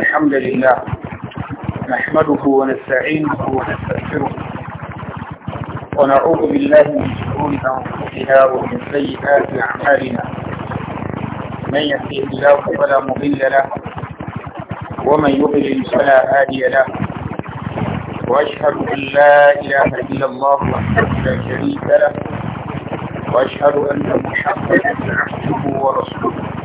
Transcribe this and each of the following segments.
الحمد لله نحمده ونستعينه ونستغفره ونعوذ بالله من شرور انفسنا ومن سيئات اعمالنا من يهده الله فلا مضل له ومن يضلل فلا هادي له واشهد ان لا اله الا الله وحده لا شريك له واشهد ان محمدا عبده ورسوله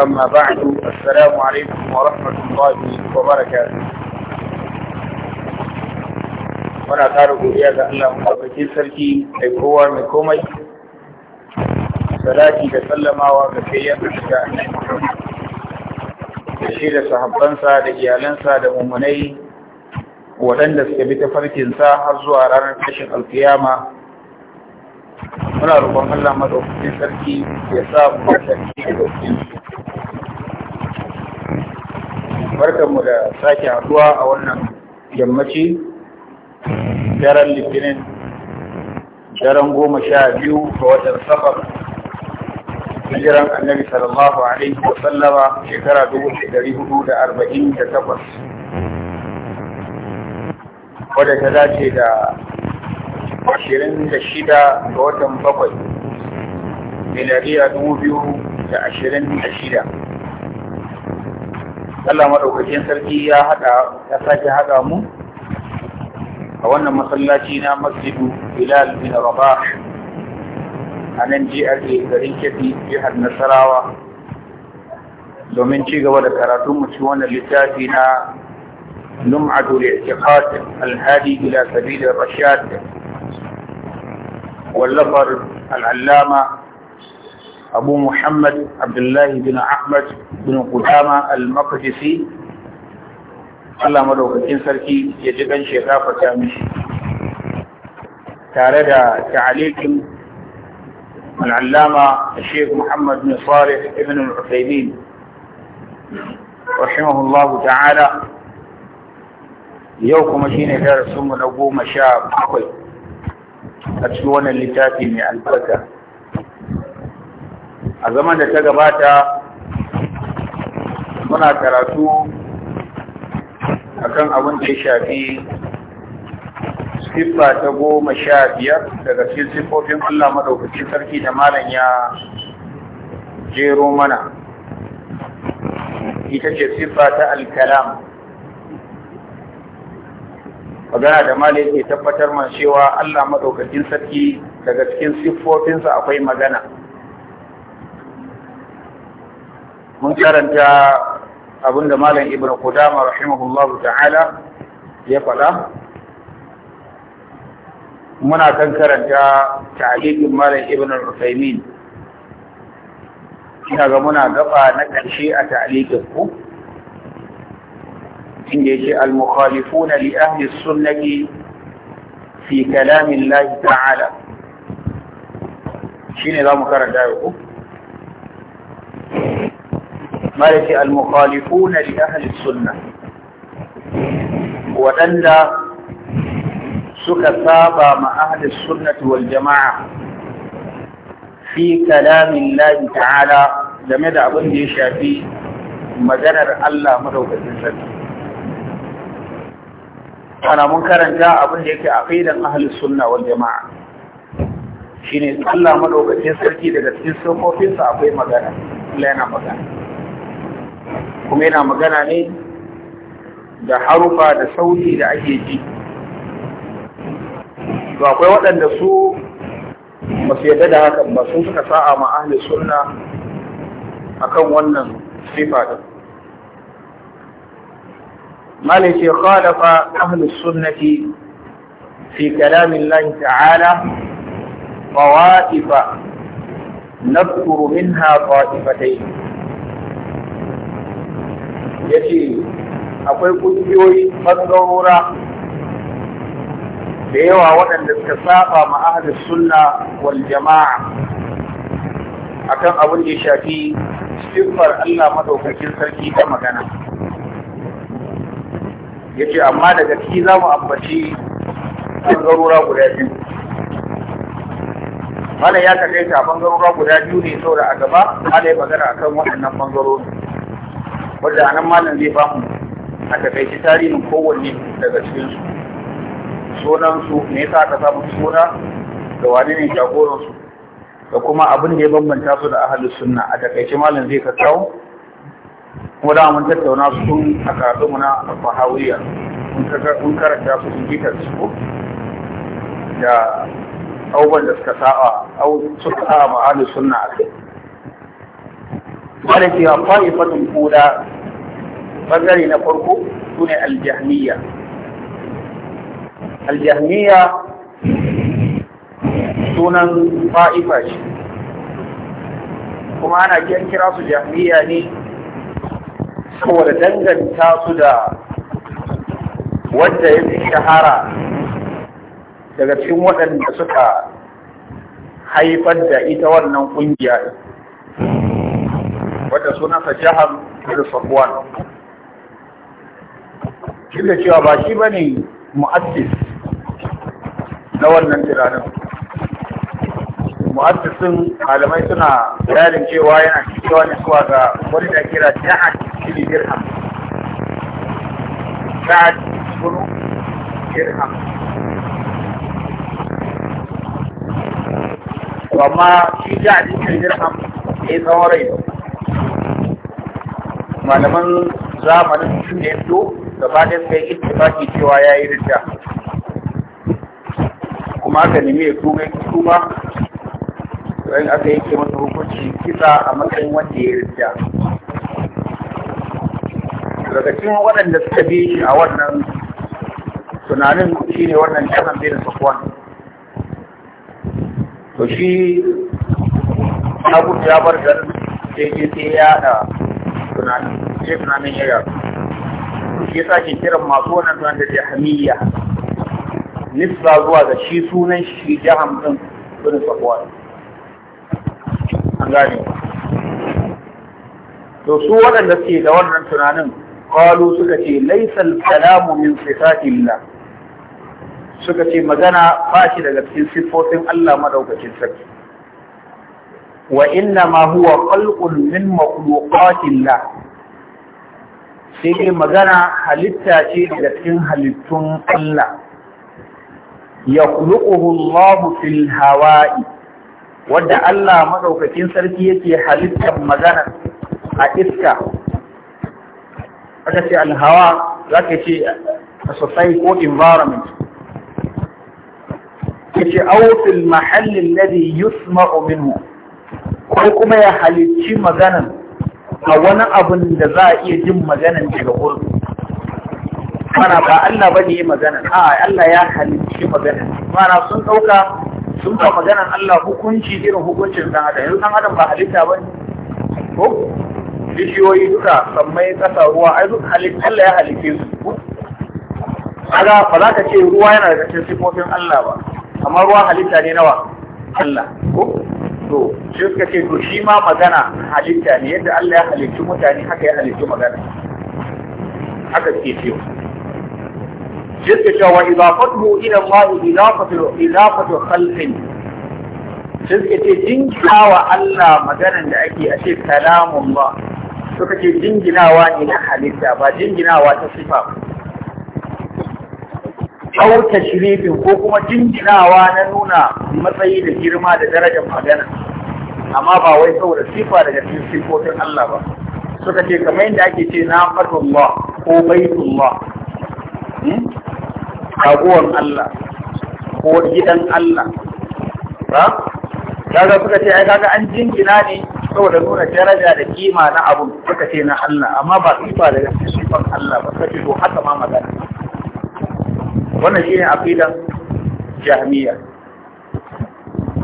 أما بعد السلام عليكم ورحمة الله وبركاته muna ƙara godiya ga Allah maɗaukakin sarki mai kowa mai komai salati da sallamawa ga kayyar da shiga da shi da sahabbansa da da mummunai waɗanda suka bi sa har zuwa ranar tashin alkiyama muna roƙon Allah maɗaukakin sarki ya sa mu da da barkanmu da sake haduwa a wannan yammaci daren litinin daren goma sha biyu ga watan safar hijiran annabi sallallahu alaihi wa sallama shekara dubu ɗari hudu da arba'in da takwas wadda ta dace da ashirin da shida ga watan bakwai miliyariya dubu biyu da ashirin da shida Allah maɗaukakin sarki ya haɗa ya sake haɗa mu a wannan masallaci na masjidu Bilal bin Rabah a nan jihar garin Kebbi jihar Nasarawa domin ci gaba da karatun mu ci wannan littafi na لمعة الاعتقاد الهادي إلى سبيل الرشاد Wallafar العلامة أبو محمد عبد الله بن أحمد بن قدامة المقدسي Allah madaukakin sarki ya ji ɗan shekafa ta mishi tare da ta'alikin al'allama shek Muhammad bin Salih ibn al-Uthaymeen rahimahullahu ta'ala yau kuma shine darasinmu na goma sha bakwai a cikin wannan littafi mai albarka a zaman da ta gabata muna karatu akan abin da ya shafi siffa ta goma sha biyar daga cikin siffofin Allah Madaukacin sarki da malam ya jero mana ita ce siffa ta alkalam magana da Malam ke tabbatar man cewa Allah madaukakin sarki daga cikin siffofinsa akwai magana mu karanta abinda malam ibn qudama rahimahullahu ta'ala ya faɗa muna kan karanta ta'liqin malam ibn al ina ga muna gaba na ƙarshe a ta'liqin ku inda yake al-mukhalifuna li ahli sunnati fi kalamin Allah ta'ala shine zamu karanta yau مالك المخالفون لأهل السنة waɗanda suka saba ma ahlus sunnati wal jama'a fi kalamin lahi ta'ala game da abin da ya shafi maganar Allah madaukakin sarki ana mun karanta abin da yake aqidan ahlus sunna wal jama'a shine Allah madaukakin sarki daga cikin sokofinsa akwai magana Allah yana magana kuma yana magana ne da harufa da sauti da ake ji to akwai waɗanda su masu yadda da hakan ba sun suka sa'a ma ahli sunna akan wannan sifa din malai ce khalafa ahli sunnati fi kalamin Allah ta'ala qawaifa نذكر منها طائفتين ya ce akwai ƙungiyoyi bangarora da yawa waɗanda suka saba ma suna sunna wal jama'a akan abin da ya shafi siffar Allah maɗaukakin sarki ta magana Ya ce amma daga ciki za mu ambaci ɓangarora guda biyu mana ya a ɓangarora guda biyu ne saboda a gaba ana yi magana akan waɗannan ɓangarorin wadda anan malam zai bamu a takaici tarihin kowanne daga cikinsu sunansu me yasa aka samu suna da wani ne su da kuma abin da ya bambanta su da ahli sunna a takaici malam zai kakkawo kuma da mun tattauna su tun a karatu muna a fahawiya mun karanta su in jikar su da abubuwan da suka sa'a suka sa'a sunna a kai wanda cewa fa'ifatun kula bangare na farko su ne aljahmiya aljahmiya sunan fa'ifa ce kuma ana kyan kira su jahmiya ne saboda danganta su da wanda ya fi shahara daga cikin waɗanda suka haifar da ita wannan ƙungiya wata suna ta jahar da safwan shi da cewa ba shi ba ne mu'assis na wannan tiranin mu'assisin malamai suna bayanin cewa yana cewa ne zuwa ga wani da kira jahar shi dirham jahar kuno dirham amma shi jahar shi dirham ya yi tsawon rai malaman zamanin su ne to gaba da suka yi ittifaki cewa ya yi rida kuma aka nemi ya tuba tuba in aka ke masa hukunci kisa a matsayin wanda ya yi rida daga cikin waɗanda suka bi shi a wannan tunanin shi ne wannan biyar bin kwan. to shi abu ya bar garin sai sai ya haɗa tunanin sai tunanin ya yaru shi yasa ke kiran masu wannan tunanin da jahamiyya nisba zuwa ga shi sunan shi jaham din bin safwan an gane to su waɗanda suke da wannan tunanin kwalo suka ce laysa al-kalamu min sifatillah suka ce magana ba shi daga cikin siffofin Allah madaukakin sarki wa inna ma huwa khalqun min makhluqatillah sai magana halitta ce daga cikin halittun Allah ya khuluquhu Allah fil hawa'i wanda Allah madaukakin sarki yake halittar magana a iska aka ce alhawa zaka ce a society ko environment kace aw fil mahall yusma'u minhu ko kuma ya halicci maganan a wani abin da za a iya jin maganan daga wurin mana ba Allah ba ne maganan a Allah ya halicci maganan mana sun ɗauka sun ba maganan Allah hukunci irin hukuncin ɗan adam yanzu ɗan adam ba halitta ba ne ko bishiyoyi duka sammai ƙasa ruwa ai duk Allah ya halicce su kaga ba za ka ce ruwa yana daga cikin sifofin Allah ba amma ruwa halitta ne nawa Allah ko to shi suka ce to shi ma magana halitta ne yadda Allah ya halicci mutane haka ya halicci magana haka suke cewa shi suka cewa wa idafatuhu ila Allah idafatu idafatu khalqin shi suka ce jinginawa Allah maganan da ake a ce kalamun ba suka ce jinginawa ne na halitta ba jinginawa ta sifa au shirifin ko kuma jinjinawa na nuna matsayi da girma da darajar magana amma ba wai saboda sifa daga cikin sifofin Allah ba suka ce kamar yadda ake ce na fatullah ko baitullah hmm? raguwan Allah ko gidan Allah ba kaga suka ce ai kaga an jingina ne saboda nuna daraja da kima na abun suka ce na Allah amma ba sifa daga sifan Allah ba suka ce to haka ma magana wannan shine aqidan jahmiya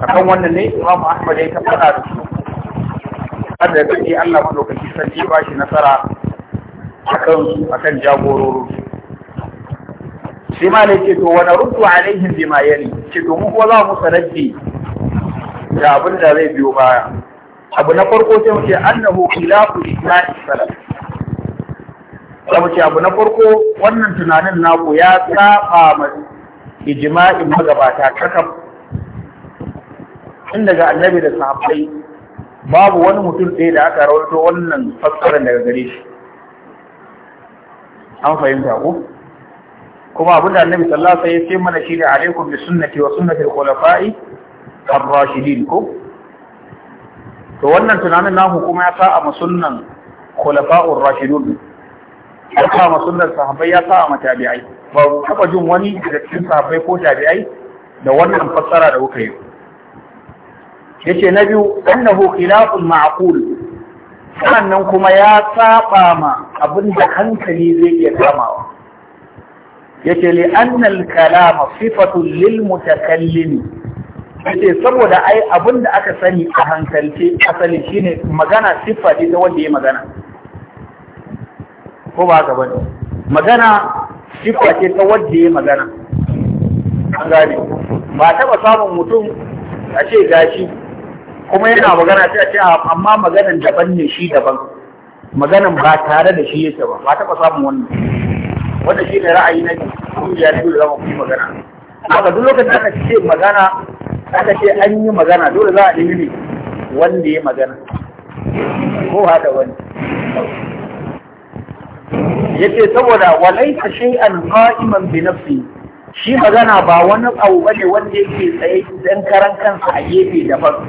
akan wannan ne Imam Ahmad ya tabbata da su har da kake Allah madaukaki sarki ba shi nasara akan su akan jagororin sai ma ce to wani rudu alaihim bima yali ce to mu kuwa za mu sanaddi da abin da zai biyo baya abu na farko sai mu ce annahu khilafu ijma'i Sabu ce abu na farko wannan tunanin naku ya saba ma ijma'in magabata kakaf. Tun daga annabi da sahabbai babu wani mutum ɗaya da aka rawaito wannan fassarar daga gare shi. An fahimta ko? kuma abin da annabi sallallahu alaihi wasallam mana shi ne alaikum bi sunnati wa sunnati al-khulafa'i ar-rashidin ko to wannan tunanin naku kuma ya sa a sunnan khulafa'ur rashidun ya sa sunnar sahabbai ya sa ma tabi'ai ba taba jin wani daga cikin sahabbai ko tabi'ai da wannan fassara da kuka yi yace na biyu annahu khilafun ma'qul sannan kuma ya saba ma abin hankali zai iya kamawa yace li annal kalama sifatun lil mutakallim yace saboda ai abin da aka sani a hankalce asali shine magana siffa ce ta wanda ya magana ko ba haka bane magana sifa ce ta wadda ya magana an gane ba taba samun mutum a ce gashi kuma yana magana sai a ce ah, amma maganan daban ne shi daban maganan ba tare da shi yake ba ba taba samun wannan wanda shi ne ra'ayi na kungiyar da zama kuma magana ga duk lokacin da aka ce magana aka ce an yi magana dole za a nemi ne wanda ya magana ko haɗa wani Ya ce saboda walaysa shay'an qa'iman bi nafsi shi magana ba wani abu bane wanda yake tsaye dan karan kansa a gefe da daban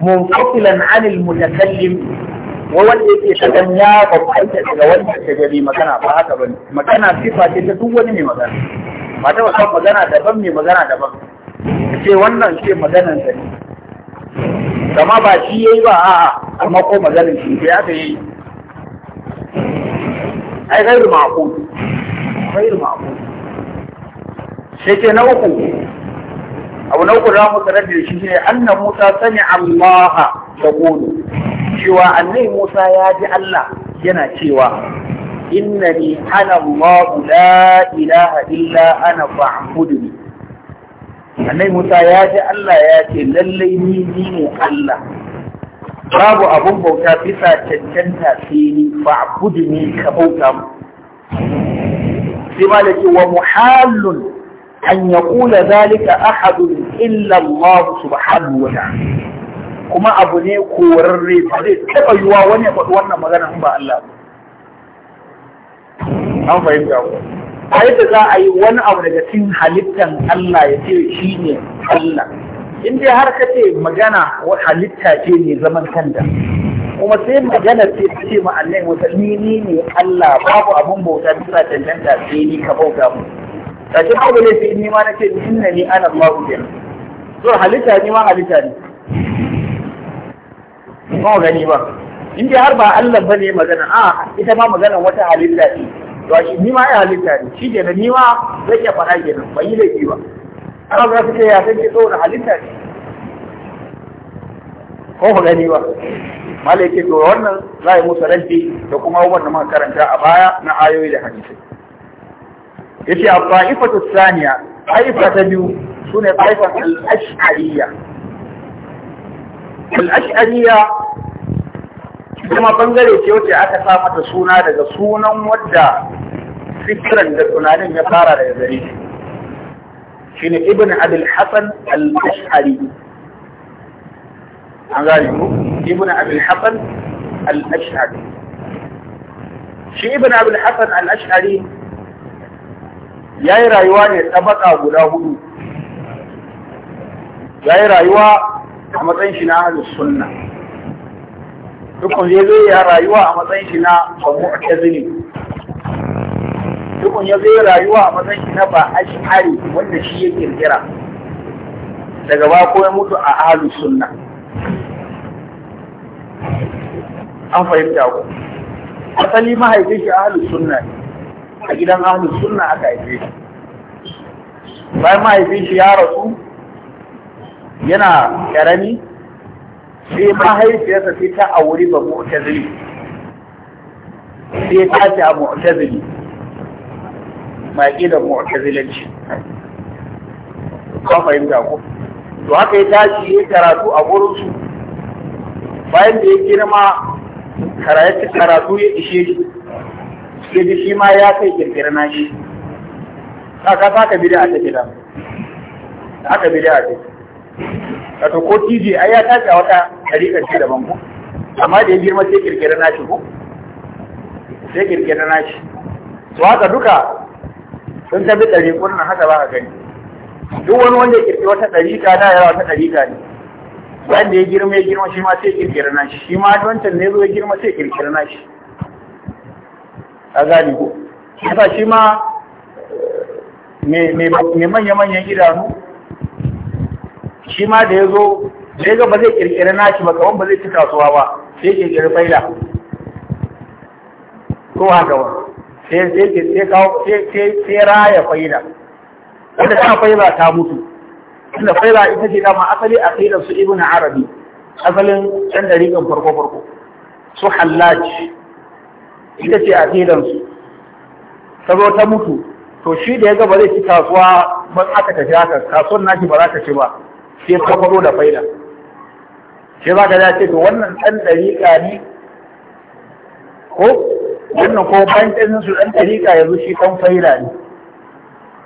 munqatilan 'anil mutakallim wa wanda yake ta shagan ya kai daga wanda ke gari magana ba haka bane magana sifa ce ta duk wani mai magana ba ta wasan magana daban mai magana daban ce wannan ce maganan sa ne kama ba shi yayi ba a'a amma ko maganin shi ya ta yi ai ghairu ma'qul ghairu ma'qul sai ce na uku abu na uku da mu sanar da shi ne anna Musa sani Allah yaqulu cewa annabi Musa ya ji Allah yana cewa innani ana Allah la ilaha illa ana fa'budni annabi Musa ya ji Allah ya ce lallai ni ne Allah babu abun bauta bisa cancanta sai ni ba gudu ne ka bauta mu sai ma da ce wa muhallun an ya kula zalika ahadun illa Allah subhanahu wa ta'ala kuma abu ne korarre ba zai taɓa yiwa wani faɗi wannan magana ba Allah an fahimta ku a yadda za a yi wani abu daga cikin halittan Allah ya ce shi ne Allah in dai har ka ce magana wa halitta ce ne zaman kanta kuma sai magana ce ta ce ma Allah wata ni ni ne Allah babu abun bauta bisa tantanta sai ni ka bauta mu ta ce babu ne sai ni ma na ce inna ni ana Allahu kenan so halitta ni ma halitta ne ba gani ba in dai har ba Allah bane magana a ita ma magana wata halitta ce to shi ni ma ai halitta ne shi kenan ni ma zai iya faɗa kenan ban yi laifi ba har za su ce ya san kitso da halitta ne ko ku gani ba malai ke to wannan za a yi musu rabbi da kuma wannan muka karanta a baya na ayoyi da hadisi ce a fa'ifatu saniya aifa ta biyu sune faifan al-ash'ariyya al kuma bangare ce wacce aka sa mata suna daga sunan wadda fikiran da tunanin ya fara daga gare shi شنو ابن عبد الحسن الاشعري عزيزي ابن عبد الحسن الاشعري شي ابن عبد الحسن الاشعري ياي رايوا ne tabaka guda hudu ياي رايوا a matsayin shi na ahlus sunnah dukun yayi ya rayuwa a mutumin ya zai rayuwa a matsayin shi na ba a ash'ari wanda shi ya kirkira daga ba ko ya mutu a ahlus sunna an fahimta ko asali mahaifin shi ahlus sunna ne a gidan ahlus sunna aka haife shi bayan mahaifin shi ya rasu yana karami sai mahaifiyarsa sai ta auri ba mu'tazili sai ta ce a mu'tazili maki da mu'tazilanci ka fahimta ko to haka ya tashi ya karatu a gurin su bayan da ya girma karatu ya ishe shi ya ji shi ma ya kai kirkira na shi haka ta ka bida a ta gida haka bida a ta ta ko tiji ai ya tashi a wata ɗariƙar shi daban banku amma da ya girma sai kirkira na shi ko sai kirkira na shi to haka duka sun tafi ɗari ƙurna, haka ba ka gani duk wani wanda ya kirkiri wata ɗariƙa da yawa wata ɗariƙa ne wanda ya girma ya girma shi ma sai kirkiri na shi shi ma wancan ne zo ya girma sai kirkiri na shi a gani ko yasa shi ma mai manya-manyan idanu shi ma da ya zo da ya ba zai ƙirƙira na shi ba kamar ba zai ci kasuwa ba sai ƙirƙira faida ko haka ba sai raya faida wanda ta faida ta mutu inda faida ita ce dama asali a faidar su ibn arabi asalin ɗan dariƙin farko farko su hallaci ita ce a faidar su ta ta mutu to shi da ya gaba zai ci kasuwa ban aka tafi haka kasuwar nashi ba za ka ci ba sai ta da faida sai za ka ce to wannan ɗan dariƙa ne ko wannan ko bayan ɗin su ɗan ɗariƙa yanzu shi ɗan faira ne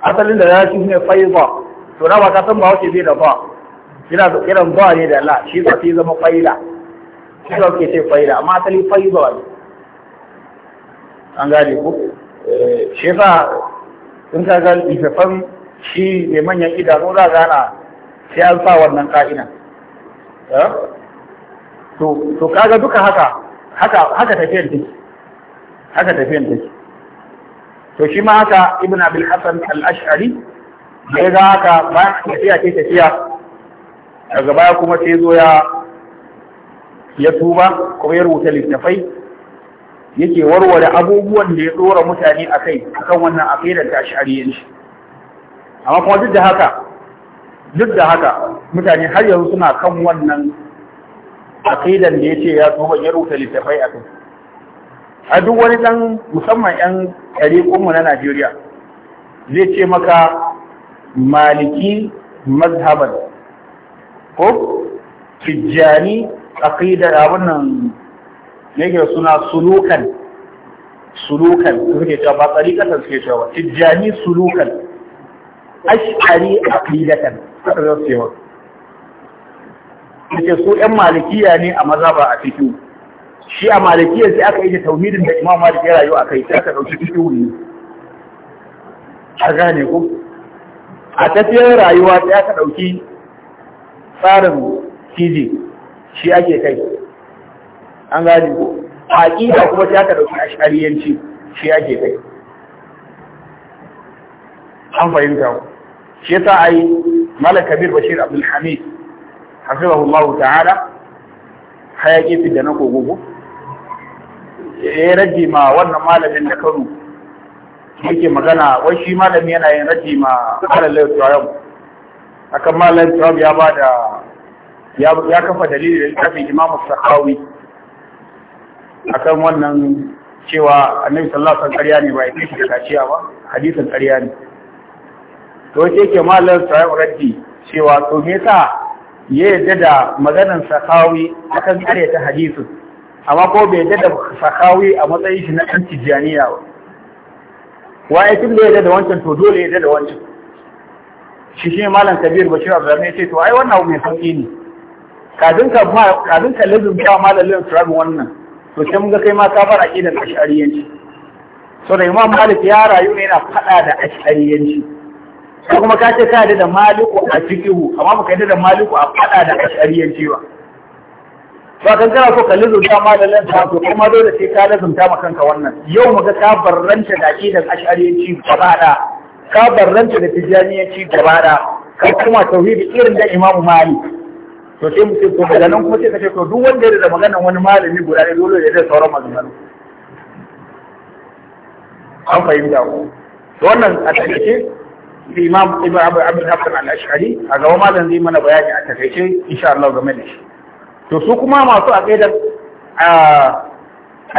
asalin da ya shi ne faiza to na ba ka san ba wace zai da ba yana kiran ba ne da la shi su yi zama faida shi ba ke ce faida amma asali faiza ne an gane ku eh, shi yasa in ka ga littafan shi mai manyan idanu za a gana sai an sa wannan ka'ina eh? to kaga duka haka haka haka tafiyar take haka tafiyan take to shi ma haka ibn abil hasan al-ash'ari da ya ga haka bayan tafiya ce tafiya daga baya kuma sai zo ya ya tuba kuma ya rubuta littafai yake warware abubuwan da ya dora mutane a kai kan wannan aqidar ta ash'ariyanci amma kuma duk da haka duk da haka mutane har yanzu suna kan wannan aƙidan da ya ce ya tuba ya rubuta littafai a kai a duk wani dan musamman yan kunmu na Najeriya zai ce maka maliki mazhaban ko tijjani aqida abin nan ne ke suna sulukan sulukan suke cewa ba tsarikatan suke cewa tijjani sulukan ash'ari aqidatan haka zai cewa Ake su ƴan malikiya ne a mazhaba a cikin shi a maliki sai aka yi tauhidin da imam malik ya rayu kai sai aka dauki cikin ne a gane ku, a tafiyar rayuwa sai aka dauki tsarin kiji shi ake kai an gane ko aqida kuma sai aka dauki ash'ariyanci shi ake kai an fahimta ku shi yasa ai malaka bir bashir abdul hamid hafizahullahu ta'ala hayaƙi fi da na kogogo ya raji ma wannan malamin da kano yake magana wai shi malami yana yin raji ma malalai tuwayon akan malalai tuwayon ya ba da ya kafa dalilin da littafin imamu sahawi akan wannan cewa annabi sallallahu alaihi wasallam ne ba ya da kaciya ba hadisin ƙarya ne to yake ke malalai tuwayon raji cewa to me yasa ya yadda da maganar sahawi akan ta hadisin amma ko bai yadda da sakawi a matsayin shi na ɗan tijjaniya ba ya tun da yadda da wancan to dole yadda da wancan shi shi ne malam kabir ba abdullahi abu ce to ai wannan mai sauki ne kafin ka kafin ka lazum ta malamin wannan to sai mun ga kai ma ka bar aqidar ash'ariyanci so da imam malik ya rayu ne yana fada da ash'ariyanci ko kuma ka ce ka yadda da maliku a cikihu amma baka yadda da maliku a fada da ash'ariyanci ba ba kan kana so kalli zuciya malalan ta to kuma dole sai ka lazumta ma kanka wannan yau muga ka barranta da aqidan ash'ariyanci gaba da ka barranta da tijaniyanci gaba da ka kuma tauhidi irin da Imam Malik to sai mu ce to daga nan kuma sai ka ce to duk wanda ya da maganar wani malami guda ne dole ya da sauran maganganu an fahimta ko wannan a take Imam Ibn Abu Abdul Hasan al-Ash'ari a ga malam zai mana bayani a takaice insha Allah game da shi to su kuma masu aqidar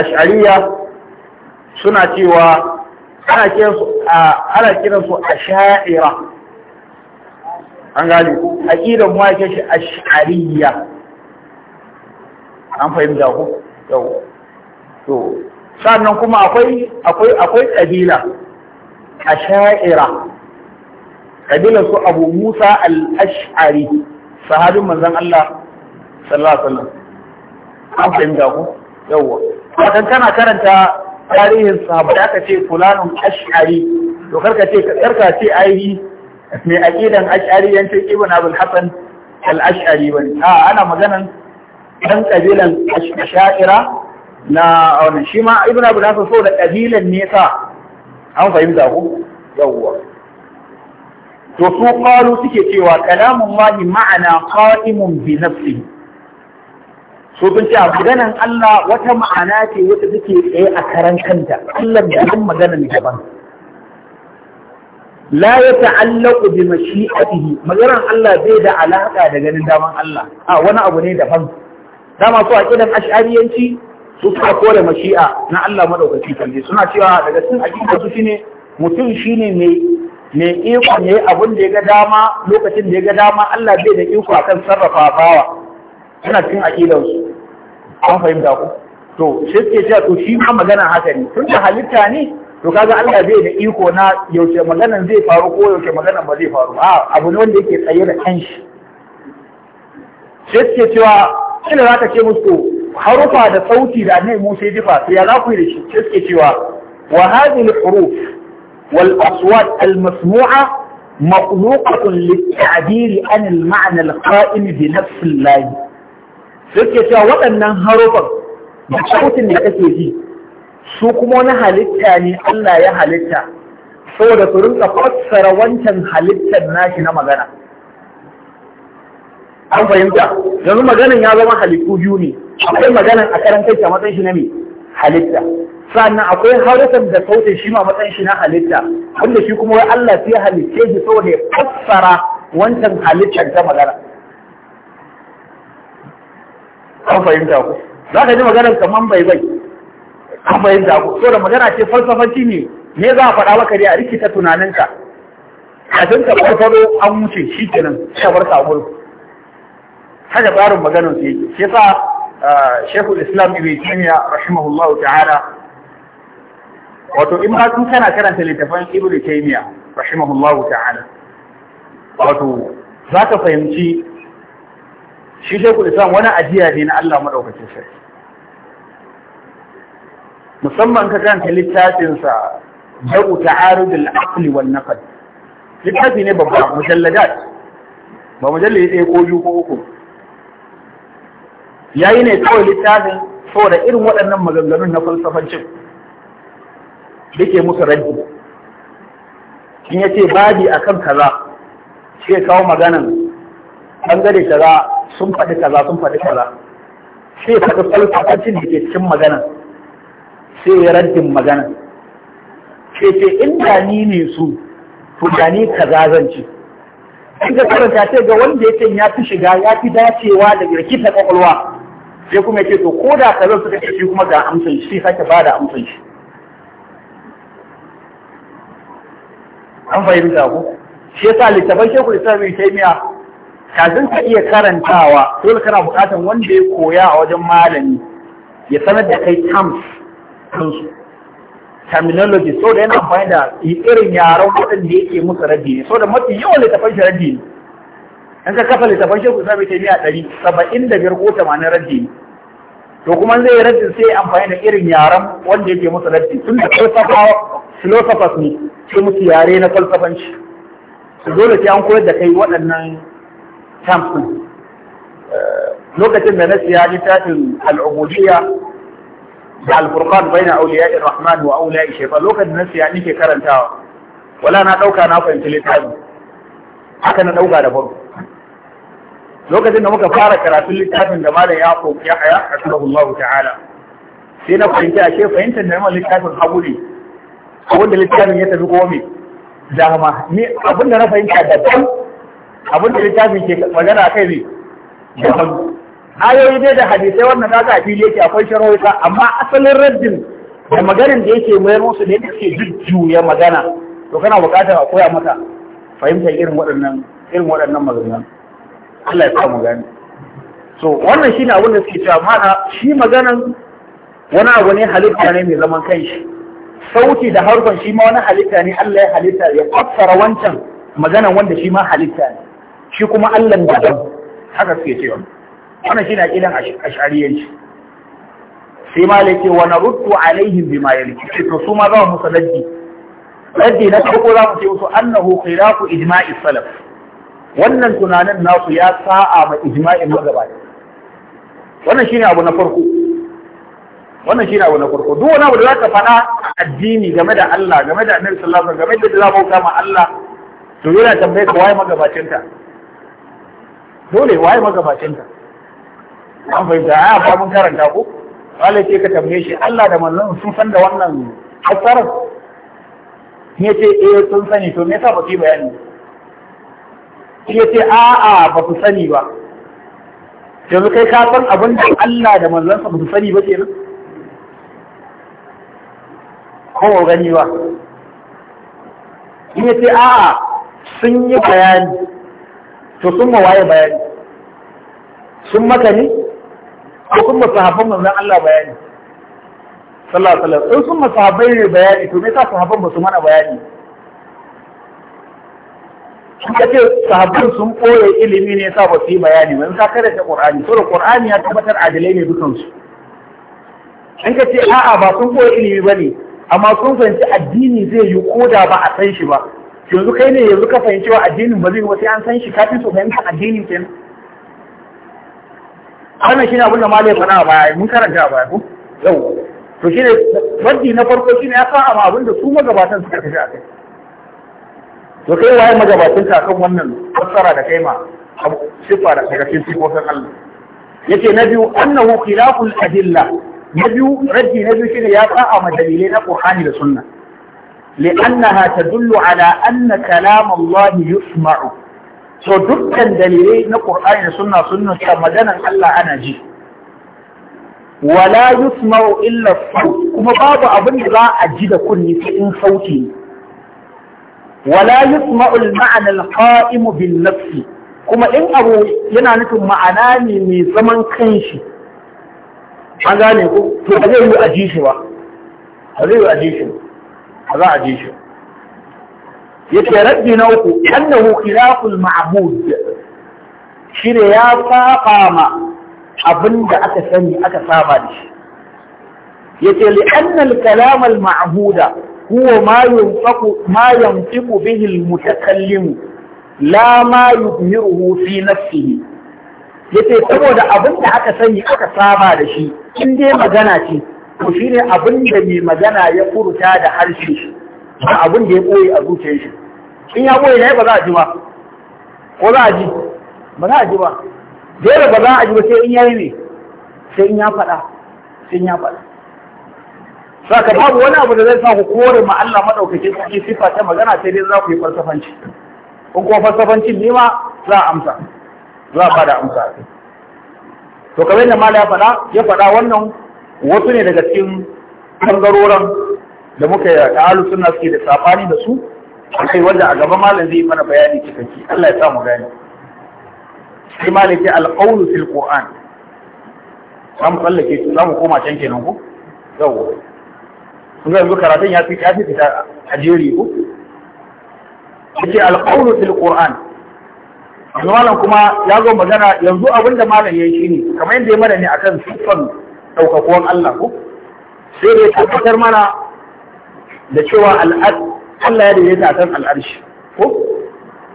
ash'ariyya suna cewa ana kiran su ana kiran an gani aqidar mu yake shi ash'ariyya an fahimta ku yau to sannan kuma akwai ƙabila akwai kabila ash'ariyya su Abu Musa al-Ash'ari sahabin manzon Allah sallallahu alaihi an fahimta ku yawwa dan tana karanta tarihin sahabbai aka ce fulanun ash'ari to karka ce karka ce ai mai aqidan ash'ari yance ibn abul hasan al-ash'ari bane a ana maganan dan kabilan ash'ira na wani shi ma ibn abul hasan so da kabilan nesa. an fahimta ku yawwa to su qalu suke cewa kalamun lahi ma'ana qa'imun bi nafsi. so kun ce maganan Allah wata ma'ana ce wata take tsaye a karan kanta Allah da yin maganan daban la ya ta'allaqu bi mashi'atihi maganan Allah bai da alaka da ganin daman Allah a wani abu ne daban dama su aqidan ash'ariyanci su suka kore mashi'a na Allah madaukaki kalle suna cewa daga sun aqida su shine mutum shine mai mai iko ne abin da ya ga dama lokacin da ya ga dama Allah zai da iko akan sarrafa bawa yana cikin aqidansu an fahimta ku to shi suke cewa to shi ma magana haka ne tun da halitta ne to kaga Allah bai da iko na yaushe maganan zai faru ko yaushe maganan ba zai faru a abu ne wanda yake tsaye da kanshi shi suke cewa kila za ka ce musu harufa da sauti da annabi Musa ya jifa to ya za ku yi da shi shi suke cewa wa hadhihi al-huruf wal aswat al-masmu'a مخلوقة للتعبير عن المعنى القائم بنفس الله sai suke cewa waɗannan harufan da sautin da kake ji su kuma wani halitta ne Allah ya halitta saboda su rinka fassara wancan halittar nashi na magana an fahimta yanzu maganin ya zama halittu biyu ne akwai maganan a karan kai a matsayin shi na me halitta sannan akwai harufan da sautin shi ma matsayin shi na halitta wanda shi kuma wai Allah sai halitta shi saboda ya fassara wancan halittar ta magana an fahimta ku za ka ji maganar kamar bai bai an fahimta ku so da magana ce falsafanci ne me za a faɗa maka dai a rikita tunaninka a tun ka farfaro an wuce shi kenan shabar samun haka tsarin maganar su yake shi sa ah, shekul islam ibn taymiya rahimahullahu ta'ala wato in ba kun kana karanta littafin ibn taymiya rahimahullahu ta'ala wato za ka fahimci shi shekul islam wani ajiya ne na Allah maɗaukacin sarki musamman ka kanta littafinsa da'u ta'arudul aqli wan naqd littafi ne babba mujalladat ba mujalladi ɗaya ko biyu ko uku Ya yi ne kawai littafin saboda irin waɗannan maganganun na falsafancin da ke musu raddi in ya ce babi kan kaza sai kawo maganan ɓangare kaza sun faɗi kaza sun faɗi kaza sai ya faɗi falsafacin da ke cikin magana sai ya raddin magana ce ce in da ni ne su to da ni kaza zan ci in ka karanta sai ga wanda ya ce ya fi shiga ya fi dacewa da rikita kwakwalwa sai kuma ya ce to ko da kaza suka ce shi kuma ga amsan shi sake ba da amsan shi an fahimta ku shi sa littafan shekul islam mai taimiya kafin ka iya karantawa dole kana buƙatar wanda ya koya a wajen malami ya sanar da kai terms kansu terminology so da yana amfani da irin yaran waɗanda yake musu rabi ne so da mafi yawan littafan shi rabi ne in ka kafa littafan shi ku sami taimiya ɗari saba'in da biyar ko tamanin rabi ne to kuma zai yi rabi sai amfani da irin yaran wanda yake musu rabi tun da falsafa philosophers ne sai musu yare na falsafanci dole sai an koyar da kai waɗannan tamsin eh, lokacin da na siya littafin al'ubudiyya da alfurqan baina awliya'i rahman wa awliya'i shaytan lokacin da na siya nake karantawa wala na dauka na fahimci littafin haka na dauka da farko lokacin da muka fara karatun littafin da malam yaqub ya haya rahimahullahu ta'ala sai na fahimci ashe fahimtar da yawan littafin hagu ko wanda littafin ya tafi gome dama ni abinda na fahimta daban abin da littafin ke magana kai ne daban ayoyi dai da hadisai wannan na a fili yake akwai sharhoita amma asalin raddin da maganin da yake mayar musu da ke suke jujjuya magana to kana buƙatar a koya maka fahimtar irin waɗannan irin waɗannan maganganun Allah ya samu gani so wannan shine abin da suke cewa mana shi maganan wani abu ne halitta ne mai zaman kanshi sauti da harkon shi ma wani halitta ne Allah ya halitta ya kwatsara wancan maganan wanda shi ma halitta ne shi kuma Allah daban haka suke cewa wannan shi shine aqidan ash'ariyanci sai malai ce wa naruddu alaihim bima yaliki to su ma za mu musu raddi raddi na farko za mu ce musu annahu khilafu ijma'i salaf wannan tunanin nasu ya sa'a ma ijma'in magabata wannan shine abu na farko wannan shine abu na farko duk wani abu da zaka faɗa addini game da Allah game da Annabi sallallahu alaihi wasallam game da da zamu kama Allah to yana tambaye ka waye ta? dole waye magabacin ka an fahimta a ba mun karanta ko wala ce ka tambaye shi Allah da manzon sun san da wannan hasar ya ce eh sun sani to me yasa ba su bayani ya ce a'a ba su sani ba yanzu kai ka san abin da Allah da sa ba su sani ba kenan ko gani ba ya ce a'a sun yi bayani to sun ma waye bayani sun maka ne ko sun ma sahabban manzon Allah bayani sallallahu alaihi wasallam in sun ma sahabbai ne bayani to me ka sahabban ba su mana bayani sun ka ce sahabban sun ɓoye ilimi ne sa ba su yi bayani ba in ka ta Qur'ani to Qur'ani ya tabbatar adalai ne dukansu in ka ce a'a ba sun ɓoye ilimi ba ne amma sun fahimci addini zai yi koda ba a san shi ba yanzu kai ne yanzu ka fahimci wa addinin ba zai wasu an san shi kafin so fahimta addinin kenan wannan shine abin da malai faɗa a baya mun karanta a baya ko yau to ne, raddi na farko shi ne ya sa ma abin da su magabatan suka tafi a kai to kai waye magabatan ka kan wannan fassara da kai ma sifa da daga cikin sifofin Allah yace na biyu annahu khilaful adilla na biyu raddi na biyu shine ya sa ma dalilai na Qur'ani da Sunna li'annaha tadullu ala anna kalam Allah yusma'u so dukkan dalilai na Qur'ani da sunna sunna ta maganan Allah ana ji wala yusma'u illa saut kuma babu abin da za a ji da kunni sai in sauti wala yusma'u al-ma'na al-qa'im bin nafsi kuma in abu yana nufin ma'ana ne mai zaman kanshi an gane ko to ba zai yi a ji shi ba ba zai yi a ji shi ba za a ji shi yake rabbi na uku annahu khilaful ma'bud shine ya saba ma abinda aka sani aka saba da shi yake li anna al kalam al ma'buda huwa ma yunfaqu ma yanfiqu bihi al mutakallim la ma yudmiruhu fi nafsihi yace saboda abinda aka sani aka saba da shi in dai magana ce to shi ne abin da mai magana ya furta da harshe ba abin da ya ɓoye a zuciyar shi in ya ɓoye ne ba za a ji ba ko za a ji ba za a ji ba dole ba za a ji ba sai in ya yi ne sai in ya faɗa sai in ya faɗa saka babu wani abu da zai sa ku kore ma Allah madaukakin sarki sifa ta magana sai dai za ku yi falsafanci in kuma falsafancin ne ma za a amsa za a bada amsa to kamar yadda mala ya faɗa ya faɗa wannan wasu ne daga cikin ɓangaroren da muka yi ta'alu suna suke da safani da su a kai wanda a gaba malam zai mana bayani cikakki Allah ya sa mu gani. sai malam ya alqawlu fil qur'an za mu tsallake su za mu koma can kenan ko yawa kun ga yanzu karatun ya fi ya fi fita a jeri ko yace ke fil qur'an yanzu malam kuma ya zo magana yanzu abinda malam ya yi ne. kamar yadda ya mana ne akan siffan ɗaukakuwan Allah ko sai da ya tabbatar mana da cewa Allah ya daidaita a kan al'arshi ko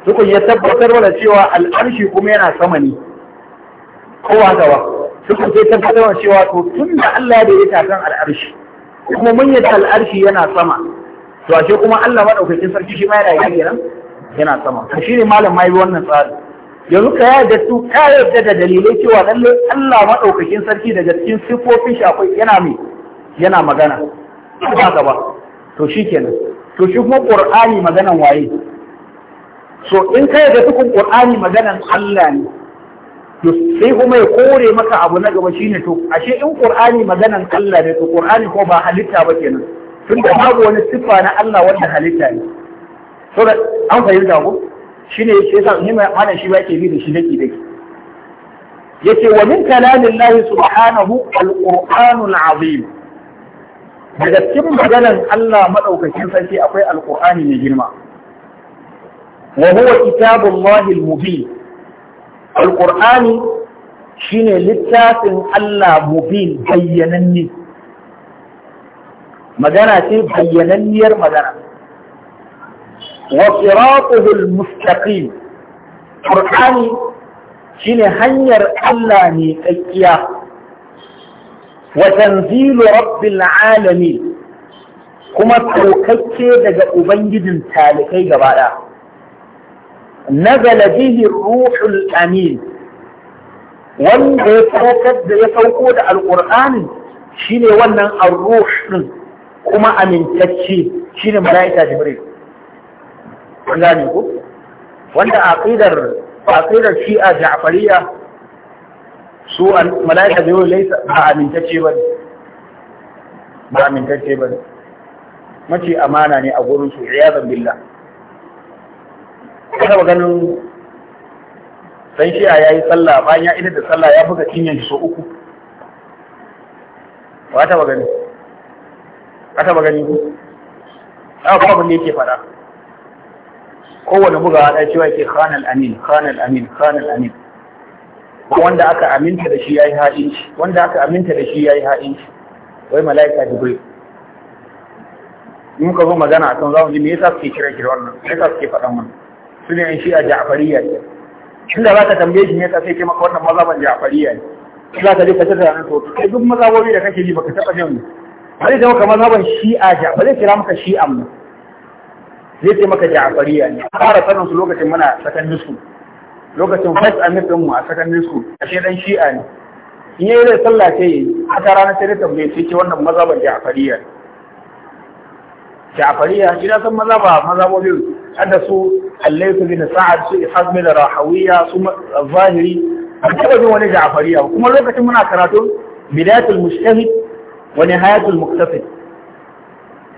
sukun ya tabbatar mana cewa al'arshi kuma yana sama ne kowa gawa sukun sai tabbatar mana cewa to tun da Allah ya daidaita a kan al'arshi kuma mun yadda al'arshi yana sama to ashe kuma Allah maɗaukakin sarki shi ma yana yi kenan yana sama to ne malam ma yi wannan tsari yanzu ka da su ka yarda da dalilai cewa lalle Allah madaukakin sarki daga cikin sifofin shi akwai yana mai yana magana ba gaba to shikenan to shi kuma qur'ani maganan waye so in ka yarda tukun qur'ani maganan Allah ne to sai kuma ya kore maka abu na gaba shine to ashe in qur'ani maganan Allah ne to qur'ani ko ba halitta ba kenan tunda babu wani siffa na Allah wanda halitta ne so an fahimta ko shine yasa ni malam shi ba ke bi da shi daki daki yace wa min kalamillahi subhanahu alqur'anul azim daga cikin maganan Allah madaukakin sarki akwai alqur'ani mai girma wa huwa kitabullahi almubin alqur'ani shine littafin Allah mubin bayyananne magana ce bayyananniyar magana wa siratuhul mustaqim shine hanyar Allah ne tsakiya wa tanzilu rabbil alamin kuma saukakke daga ubangijin talikai gaba ɗaya nazala bihi ruhul amin wanda ya saukar da ya sauko da Alƙur'ani shine wannan ar-ruh din kuma amintacce shine malaika jibril an gane ku wanda aqidar aqidar shi'a ja'fariya su an malaika bai laisa ba amintacce ba ba amintacce ba mace amana ne a gurin su iyazan billah kada ganin dan shi'a yayi sallah bayan ya idar da sallah ya buga cinyan so uku ba ta ba gani ba ba gani ku a kuma abin yake fara kowane bugawa ɗaya cewa ke khanal amin khanal amin khanal amin wanda aka aminta da shi yayi ha'inci wanda aka aminta da shi yayi ha'inci wai malaika jibril in ka zo magana akan zamu ji me yasa suke kira kira wannan me yasa suke faɗan wannan su ne in shi a ja'fariyya ne inda za ka tambaye shi me yasa sai ke maka wannan mazhaban ja'fariyya ne za ka je ka tattara nan to kai duk mazhabobi da kake ji baka taɓa jin ba zai zama kamar mazhaban shi'a ja ba zai kira maka shi'an ba zai ce maka ja'afariya ne a fara sanin su lokacin muna secondary school lokacin first amir din mu a secondary school ashe dan shi'a ne in yayi zai sallah ce yi a ta rana sai tambaye sai ce wannan mazhaban ja'afariya ne ja'afariya shi na san mazhaba mazhabobin hadda su allaisu bin sa'ad su ishaq bin rahawiya su zahiri a taba jin wani ja'afariya kuma lokacin muna karatu bidayatul mujtahid wa nihayatul muqtasid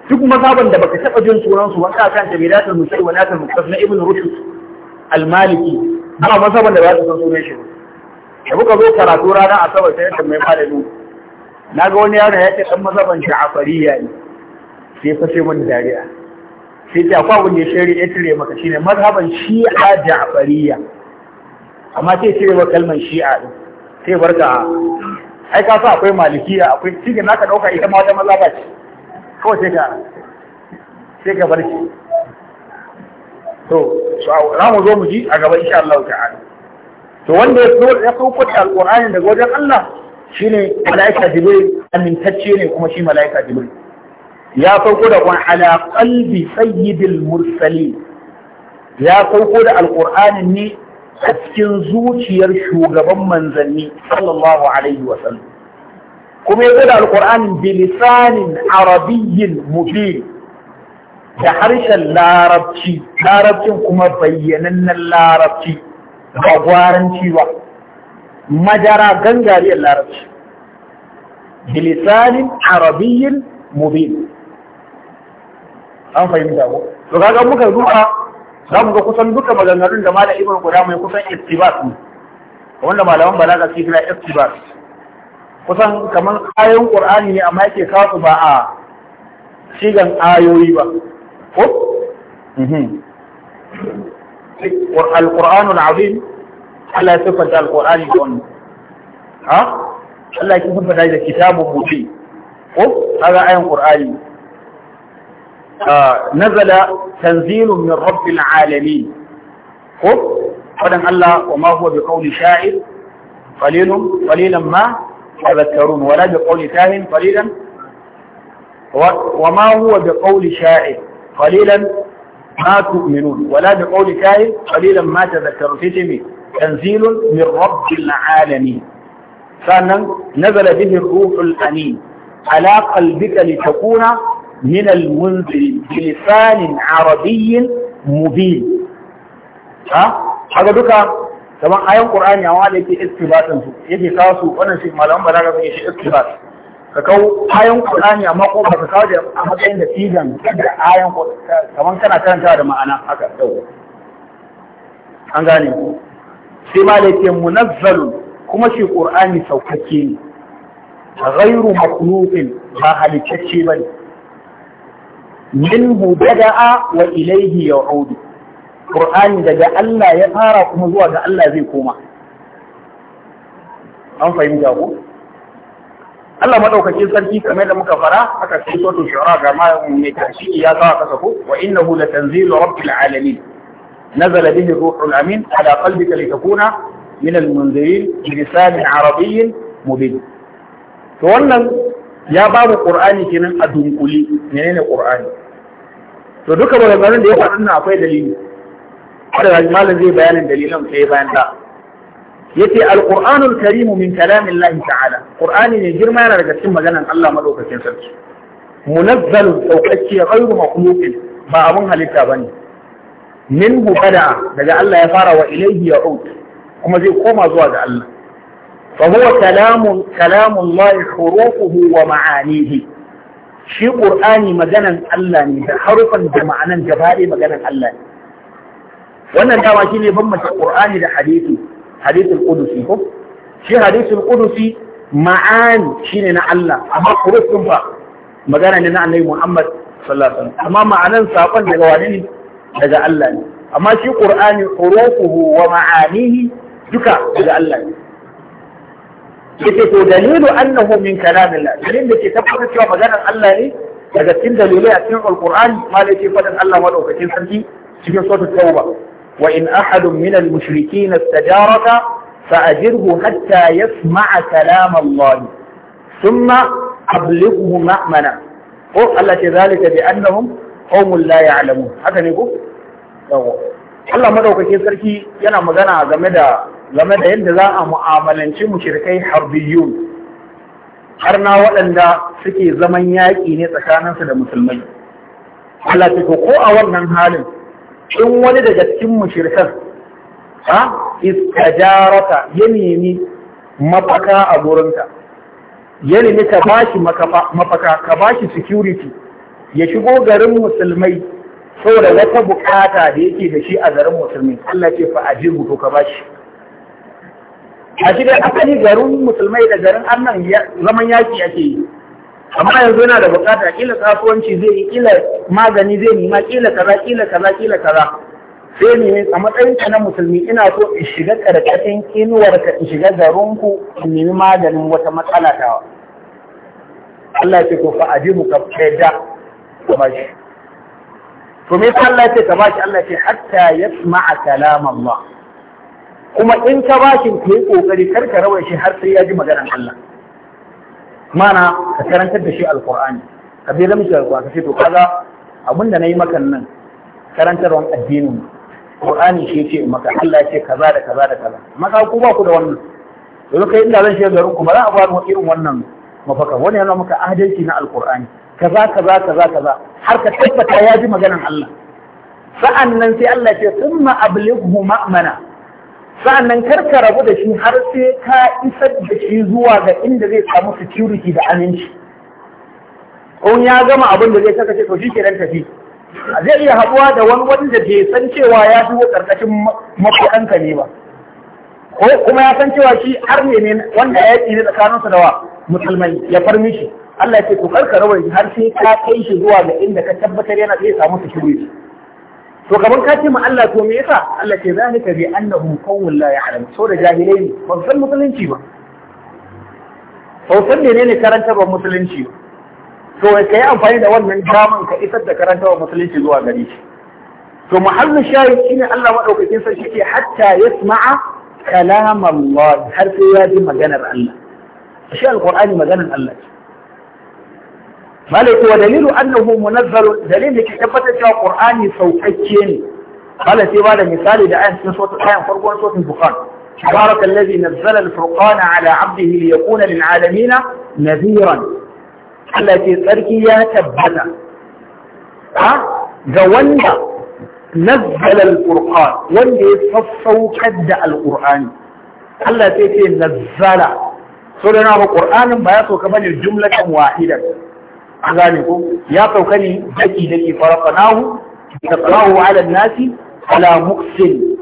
duk mazhaban da baka taba jin sunan su wanda kan tabidatul musayyib wa natul muqtas na ibn rushd al-maliki amma mazhaban da ba san sunan shi da muka zo karatu rana asabar sai da mai malamin na ga wani yaro ya ce dan mazhaban ja'fariya ne sai fa sai mun dariya sai ta kwa wani ya shari ya tire maka shine mazhaban shi'a ja'fariya amma sai cire wa kalmar shi'a din sai barka ai ka sa akwai malikiya akwai shi ne naka dauka ita ma wata mazhaba ce kawai sai ka sai ka bar shi to za mu zo mu ji a gaba insha Allah ta'ala to wanda ya sauko da alqur'ani daga wajen Allah shine malaika jibril amintacce ne kuma shi malaika jibril ya sauko da qur'an ala qalbi sayyidil mursalin ya sauko da alqur'ani ne a cikin zuciyar shugaban manzanni sallallahu alaihi wa sallam kuma ya da alƙur'anin bilisanin arabiyyin mubi da harshen larabci larabcin kuma bayyanannen larabci ba gwaranci ba majara gangariyar larabci bilisanin arabiyyin mubin an fahimta ko to kaga muka duba za mu ga kusan duka maganganun da malam ibn guda mai kusan ittibas ne wanda malaman balaga su kira ittibas kusan kamar ayoyin ƙur'ani ne amma yake kasu ba a shigan ayoyi ba mhm. al-ƙur'anu al-azim Allah ya sifanta al-ƙur'ani da wani ha? Allah ya sifanta da kitabu mutu ko? kaga ayoyin ƙur'ani ah, nazala tanzilun min rabbil alami ko? fadan Allah wa ma huwa bi qawli sha'ir qalilun qalilan ma تذكرون ولا بقول كاهن قليلا وما هو بقول شاعر قليلا ما تؤمنون ولا بقول كاهن قليلا ما تذكرون في جميل تنزيل من رب العالمين فأنا نزل به الروح الأمين على قلبك لتكون من المنزل بلسان عربي مبين ها هذا بك kamar ayan qur'ani amma da yake istibatin su yake kawo su wannan shi malaman balaga sun yi istibat ka kawo ayan qur'ani amma ko ba ka kawo da a matsayin da sigan da ayan kamar kana karantawa da ma'ana haka an gane ku sai ma da yake munazzalun kuma shi qur'ani saukakke ne ghairu makhluqin ba halicce bane Min bada'a wa ilayhi ya'udu Qur'ani daga Allah ya fara kuma zuwa ga Allah zai koma an fahimta ko Allah madaukakin sarki kamar da muka fara aka sai sotu shura ga mayan mai tashi ya sa ka sako wa innahu la tanzilu rabbil alamin nazala bihi ruhul amin ala qalbika litakuna min al munzirin bi lisanin arabiyyin mubin to wannan ya babu qur'ani kenan a dunkuli menene qur'ani to duka maganganun da ya faɗa nan akwai dalili kada malam zai bayanin dalilan sai bayan da yace alqur'anul karimu min kalamillahi ta'ala qur'ani ne girma yana daga cikin maganan Allah madaukakin sarki munazzalu saukakke ghayru makhluqin ba abun halitta bane minhu bada daga Allah ya fara wa ilayhi ya'ud kuma zai koma zuwa ga Allah fa huwa kalamun kalamullahi hurufuhu wa ma'anihi shi qur'ani maganan Allah ne da harufan da ma'anan gaba maganan Allah ne wannan dama ne bambanta qur'ani da hadisi hadithul ƙudusi ko shi hadithul qudusi ma'an shine na Allah amma hurufin fa magana ne na Annabi Muhammad sallallahu alaihi wasallam amma ma'anan sakon daga wani ne daga Allah ne amma shi qur'ani hurufuhu wa ma'anihi duka daga Allah ne yake to dalilu annahu min kalamillah dalilin da ke tabbatar cewa maganar Allah ne daga cikin dalilai a cikin alqur'ani malai ce fadan Allah madaukakin sarki cikin suratul tauba وإن أحد من المشركين استجارك فأجره حتى يسمع كلام الله ثم أبلغه مأمنا أحلة ذلك بأنهم قوم لا يعلمون هذا نقول الله ماذا وكيف تركي ينا مغانا غمدا غمدا يندزا معاملين شي مشركي حربيون أرنا وأن سكي زمن يأكي نتخانا سيدا مسلمين الله تقول قوة وأن in wani daga cikin mushrikan ha jarata ya nemi mafaka a gurinka ya nemi ka bashi mafaka ka bashi security ya shigo garin musulmai saboda wata bukata da yake da shi a garin musulmai, Allah ce fa ajibu to ka bashi a shi dai asali garin musulmai da garin annan zaman yaki ake yi amma yanzu yana da bukata kila kasuwanci zai yi kila magani zai nima kila kaza kila kaza kila kaza sai ne a matsayin ka na musulmi ina so in shiga karkashin inuwar ka in shiga ku in nemi maganin wata matsala ta Allah ce ko fa ajibu ka fada kuma shi to me yasa Allah ce ka bashi Allah ce hatta yasma'a kalam Allah kuma in ka bashi ka yi kokari kar ka rawar shi har sai ya ji maganar Allah mana ka karantar da shi alqur'ani ka bi mishi alqur'ani ka ce to kaza. abin da yi maka nan karantarwan addinin qur'ani shi ce maka Allah ce kaza da kaza da kaza maka ku ba ku da wannan yanzu kai inda zan shiga garin ku ba za a ba irin wannan mafaka wani yana maka adalci na alqur'ani kaza kaza kaza kaza har ka tabbata ya ji maganan Allah sa'an nan sai Allah ce summa ablighu ma'mana sa'annan kar ka rabu da shi har sai ka isar da shi zuwa ga inda zai samu security da aminci in ya gama abin da zai saka ce to shi kenan tafi zai iya haɗuwa da wani wanda bai san cewa ya shigo ƙarƙashin mafi'anka ne ba kuma ya san cewa shi har ne wanda ya tsire tsakaninsu da wa musulmai ya farmi shi Allah ya ce ko karka rawar har sai ka kai shi zuwa ga inda ka tabbatar yana zai samu security to kaman ka ce ma Allah to me yasa Allah ce zalika bi annahum qawmun la ya'lam so da jahilai ne ba san musulunci ba ba san menene karanta ba musulunci to kai amfani da wannan daman ka isar da karanta ba musulunci zuwa gari. to muhallin shahid shine Allah madaukakin sarki ke hatta yasma'a kalam Allah har sai ya ji maganar Allah shi alqur'ani maganar Allah ce مالك ودليل أنه منزل دليل كتابة القرآن سوكتين قال في هذا المثال لآية من سورة الآية فرقون سورة البخاري تبارك الذي نزل الفرقان على عبده ليكون للعالمين نذيرا التي تركي يا تبتا ها جوانا نزل الفرقان واللي صفوا كد القرآن التي نزل سورة القرآن بياته كمان الجملة واحدة an gane ko ya sauka ne daki daki farafanahu taqrahu ala nasi ala muksin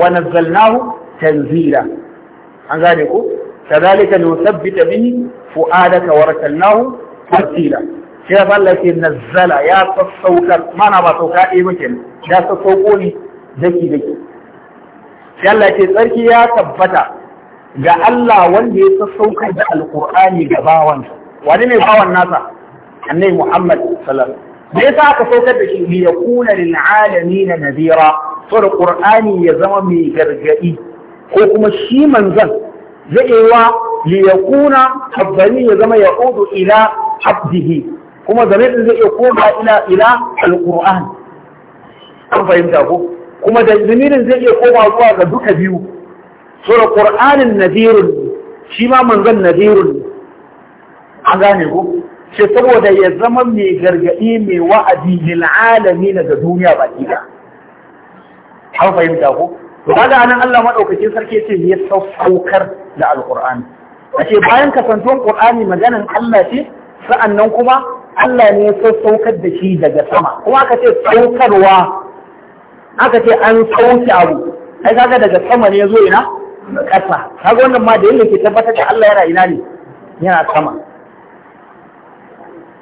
wa nazzalnahu tanzila an gane ko kadhalika nuthabbita bihi fu'adaka wa rakalnahu tartila sai ya Allah ke nazzala ya sassaukar mana ba sauka ɗaya ba kenan ya sassauko ne daki daki sai Allah ce tsarki ya tabbata ga Allah wanda ya sassaukar da alqur'ani ga bawansa wani ne bawan nasa annabi Muhammad sallallahu alaihi wasallam aka saukar da shi li yakuna lil alamin nadira saboda Qur'ani ya zama mai gargadi ko kuma shi manzon zai yi wa li yakuna abdani ya zama yaudu ila abdihi kuma zamirin zai iya koma ila ila alquran an fahimta ko kuma da zamirin zai iya koma zuwa ga duka biyu sura qur'anin nadirun shi ma manzon nadirun an gane ko ce saboda ya zama mai gargaɗi mai wa'adi lil daga ga duniya baki da an fahimta ko to kaga anan Allah madaukakin sarki ce ya saukar da alqur'ani ce bayan kasantuwan qur'ani maganan Allah ce sa'annan kuma Allah ne ya saukar da shi daga sama kuma aka ce saukarwa aka ce an sauke abu ai kaga daga sama ne ya zo ina ƙasa kaga wannan ma da yake tabbatar da Allah yana ina ne yana sama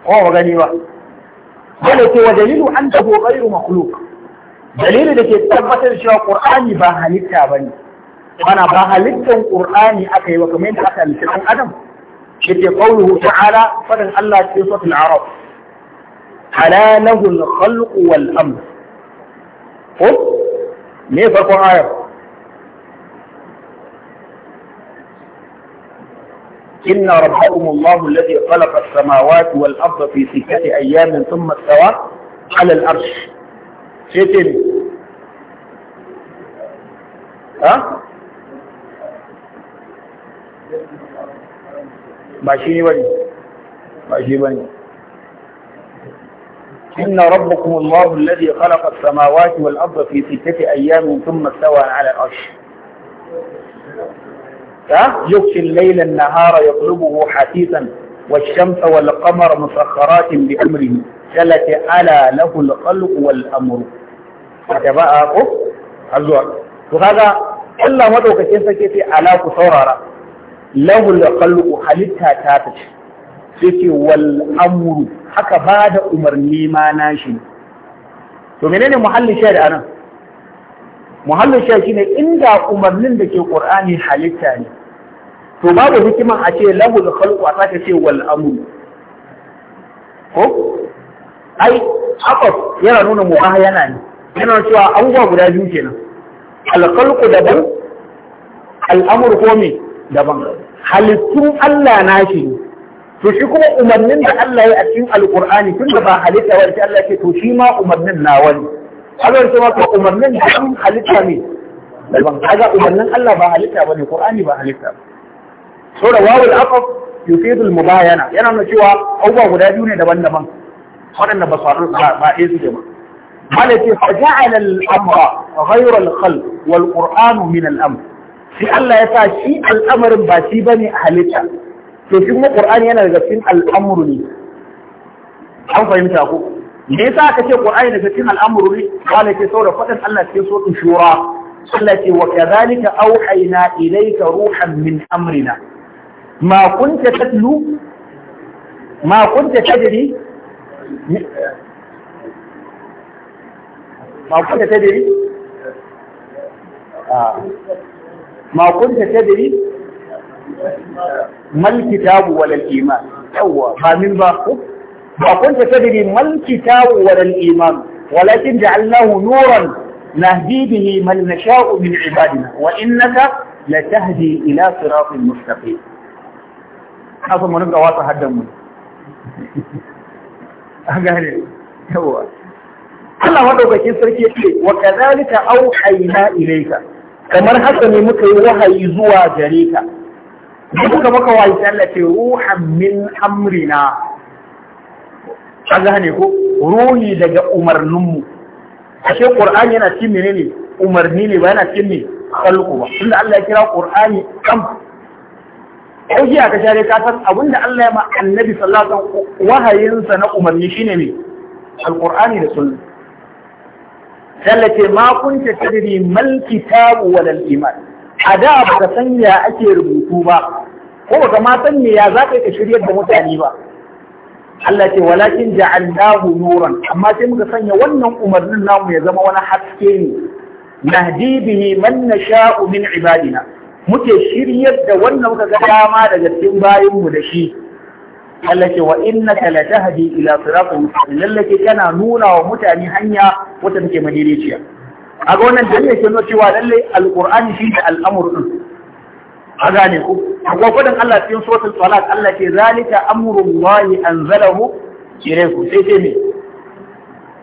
Kowa ba gani ba dole ce wa dalilu an tabo ghairu makhluq dalilin da ke tabbatar cewa qur'ani ba halitta ba ne, bana ba halittan qur'ani aka yi wa kamar yadda aka halitta dan adam shi ke qawluhu ta'ala fadan Allah cikin suratul araf ala lahu al-khalqu wal amr ko me farkon ayar إن ربكم الله الذي خلق السماوات والأرض في ستة أيام ثم استوى على الأرش شيء ها ba shi ne bane إن ربكم الله الذي خلق السماوات والأرض في ستة أيام ثم استوى على الأرش يغشي الليل النهار يطلبه حثيثا والشمس والقمر مسخرات بأمره قالت ألا له الخلق والأمر فتبقى أقف الزور وهذا الله مدعوك كيف كيف ألا كثورة له الخلق حلتها تاتش سيتي والأمر حكى بعد أمر لما ناشي to menene muhallin shari'a nan muhallin sha shine inda umarnin da ke qur'ani halitta ne to babu hikiman a ce lahu da khalqu a sake ce wal amru ko ai aqaf yana nuna yana ne yana cewa abubuwa guda biyu kenan al khalqu daban al amru ko me daban halittun Allah na shi to shi kuma umarnin da Allah ya a cikin tun da ba halitta wani Allah ke to shi ma umarnin na wani حبيبي تمام عمرنا نحن خليتها مين لمن حاجة عمرنا ألا بحالتها بني القرآن بحالتها سورة واو الأقف يفيد المباينة يعني أنا شو هو ولا ديونة دبنا من خلنا بصار ما إيش جمع التي فجعل الأمر غير الخلق والقرآن من الأمر في الله يسعى شيء الأمر باتيبني أهلتها في كم القرآن يعني لقد الأمر لي أو فهمت أقول me yasa aka ce qur'ani daga cikin al'amuri wala ke saboda fadin Allah cikin suratul shura Allah ce wa kadhalika auhayna ilayka ruhan min amrina ma kunta tatlu ma kunta tadri ma kunta tadri ma kunta tadri mal kitabu wal iman ba min ba فقلت تدري ما الكتاب ولا الإيمان ولكن جعلناه نورا نهدي به من نشاء من عبادنا وإنك لتهدي إلى صراط المستقيم حصل منك واطع الدم الله كيف كسرك وكذلك أوحينا إليك كما حسن منك روح يزوى جريك ربك بك وعيسى روحا من أمرنا an gane ko ruhi daga umarninmu ashe qur'ani yana cikin ne umarni ne ba yana cikin ne khalqu ba tunda Allah ya kira ƙur'ani kam ko jiya ka share ka abinda Allah ya ma annabi sallallahu alaihi wasallam wahayinsa na umarni shine ne alqur'ani da sunna sallace ma kunta tadri mal kitabu wal iman a da baka san ya ake rubutu ba ko baka ma san me ya zaka ka shiryar da mutane ba Allah ce walakin ja'alnahu nuran amma sai muka sanya wannan umarnin namu ya zama wani haske ne nahdi bihi man nasha'u min ibadina muke shiryar da wannan muka ga dama daga cikin bayin mu da shi Allah ce wa innaka latahdi ila siratin mustaqim lalle kana nuna wa mutane hanya wata take madaidaiciya a ga wannan dalilin ke nuna cewa lalle alqur'ani shi da din a gane ku akwai kudin Allah cikin suratul salat Allah ke zalika amrullahi anzalahu ilaykum sai sai ne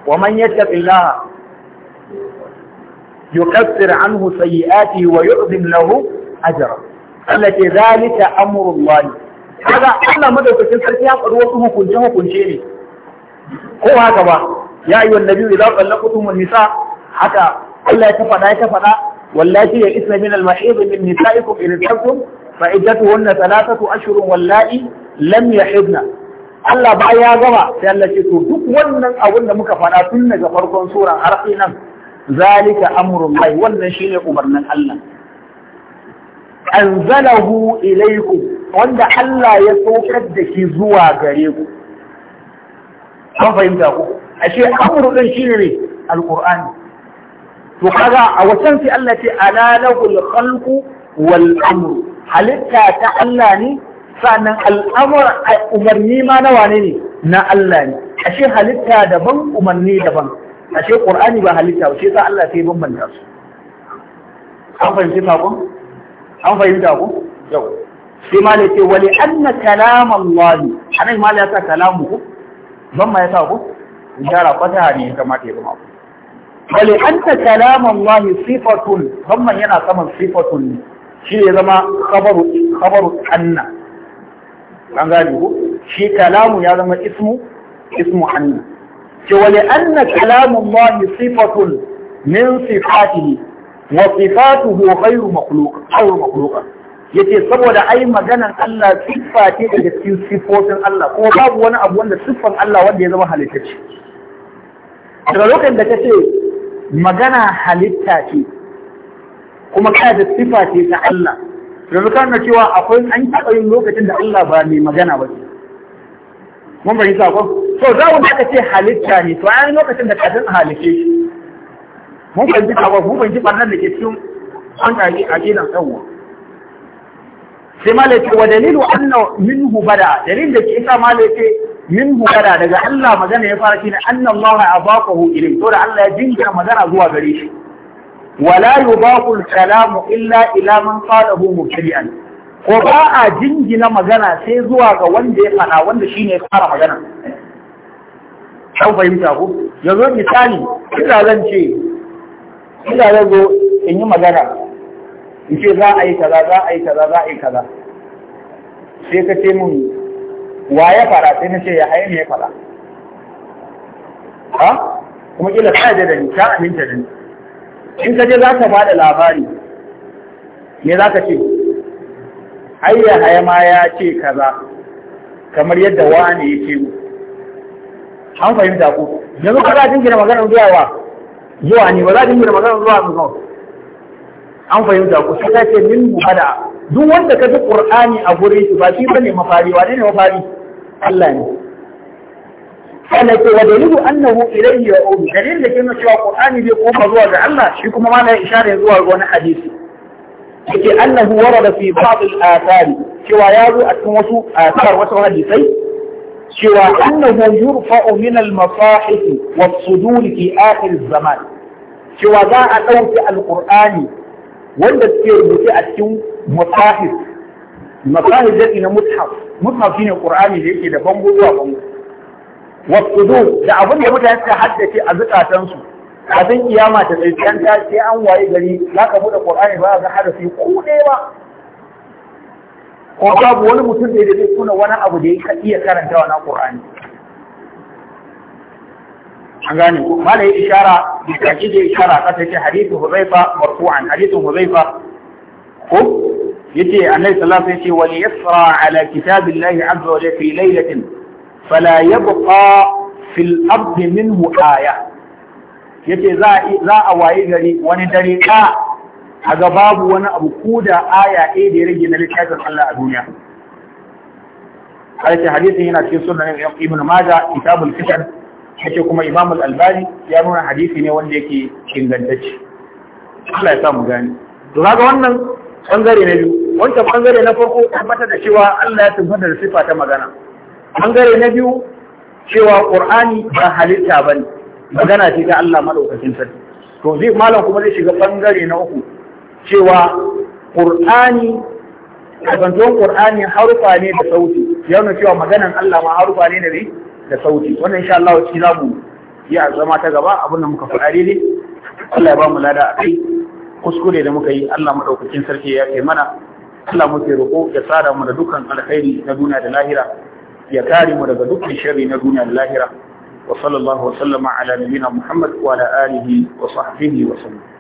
wa man yattaqillaha yukaffir anhu sayyi'atihi wa yu'zim lahu ajra Allah ke zalika amrullahi kaga Allah madaukakin sarki ya faru wasu hukunce hukunce ne ko haka ba ya ayyuhan nabiyyu idza sallaqtum an-nisa haka Allah ya ta faɗa ya ta faɗa واللاتي يئسن من المحيض من نسائكم إن ارتبتم فعدتهن ثلاثة أشهر واللائي لم يحضن Allah ba ya gama sai Allah ce to duk wannan abin da muka faɗa tun daga farkon sura har nan zalika amrun mai wannan shine umarnin Allah anzalahu ilaykum wanda Allah ya saukar da shi zuwa gare ku an fahimta ku ashe amru din shine ne alqur'ani to kaga a wasan sai Allah ce ala lahul khalqu wal amru halitta ta Allah ne sannan al'amur umarni ma na wane ne na Allah ne ashe halitta daban umarni daban ashe qur'ani ba halitta ba shi sa Allah sai bambanta su an fahimci sakon an fahimta ko yau sai ma ce wali anna kalam Allah anan ma ya sa kalamu ko ban ma ya sa ko gyara fata ne kamata ya zama ku bale an ta kalaman lahi sifatun zamman yana saman sifatun ne shi ya zama khabaru anna an gane ko shi kalamu ya zama ismu ismu anna ce wale anna kalaman lahi sifatun min sifatihi wa sifatuhu ghayru makhluq aw makhluqa yace saboda ai maganan Allah siffa ce daga cikin siffofin Allah ko babu wani abu wanda siffan Allah wanda ya zama halittacce daga lokacin da ce. magana halitta ce kuma kana da sifa ce ta Allah domin na cewa akwai an taɓa yin lokacin da Allah ba mai magana ba ce mun bari sako so za mu aka ce halitta ne to an lokacin da kafin a halice shi mun bari ko mun bari ɓarnar da ke cikin an kaji a gidan tsawo sai malaka wa dalilu anna minhu bada dalilin da ke sa malaka min bukada daga Allah magana ya fara shine a abaqahu ilayhi to da Allah ya jingira magana zuwa gare shi wala yubaqu kalamu illa ila man qalahu mubtadi'an ko ba a jingina magana sai zuwa ga wanda ya fada wanda ne ya fara magana kan fahimta ko yanzu misali ina zan ce ina zan zo in yi magana in ce za a yi kaza za a yi kaza za a yi kaza sai ka ce mun wa ya fara sai na ce ya haini ne ya fara ha kuma kila ta da ni ta aminta da ni in ka je za ka bada labari me za ka ce ai ya haya ma ya ce kaza kamar yadda wani ya ce mu an fahimta ku yanzu ka za a jingina maganar zuwa wa zuwa ne ba za a jingina maganar zuwa ba. an fahimta ku sai ka ce min hada. duk wanda ka ji qur'ani a gurin shi ba shi bane mafari wa ne mafari Allah ne sannan ke wa dalilu annahu ilayhi ya'ud dalilin da ke nuna cewa qur'ani bai koma zuwa ga Allah shi kuma ma na ishara zuwa ga wani hadisi yake annahu warada fi ba'd al-athari cewa ya zo a cikin wasu athar wasu hadisai cewa annahu yurfa'u min al-masahif wa sudur fi akhir zaman cewa za a dauki al-qur'ani wanda suke rubuce a cikin masahif masahif da ina mushaf shi shine qur'ani da yake da bango zuwa bango wa qudu da abin da mutane suka haddace a zukatan su kafin kiyama ta tsayan ta ce an waye gari za ka bude qur'ani ba ga harafi ko ɗaya ba ko babu wani mutum da zai kuna wani abu da ya iya karanta wannan qur'ani an gane ko mala yi ishara da kaji da ishara kasa ce hadithu huzaifa marfu'an hadithu huzaifa ko yace annabi sallallahu alaihi wasallam yace wal yasra ala kitabillahi azza wa jalla fi laylatin fala yabqa fil ardi minhu aya yace za za a waye gari wani dare ka a ga babu wani abu ko da aya ɗaya da ya rage na littafin Allah a duniya alaihi hadisin yana cikin sunan ibn majah kitabul fitan yace kuma imam al-albani ya nuna hadisi ne wanda yake ingantacce Allah ya sa mu gani to kaga wannan bangare na biyu wancan bangare na farko tabbata da cewa Allah ya tabbata da sifa ta magana bangare na biyu cewa Qur'ani ba halitta bane magana ce ta Allah madaukakin sarki to zai malam kuma zai shiga bangare na uku cewa Qur'ani kasantuwan Qur'ani harufa ne da sauti nuna cewa maganan Allah ma harufa ne da ne da sauti wannan insha Allah shi za mu yi azama ta gaba abun da muka faɗa ne Allah ya ba mu lada a kai kuskure da muka yi Allah madaukakin sarki ya kai mana Allah muke roƙo ya tsara mu da dukkan alkhairi na duniya da lahira ya kare mu daga dukkan sharri na duniya da lahira wa sallallahu wa sallama ala nabiyyina Muhammad wa ala alihi wa sahbihi wa sallam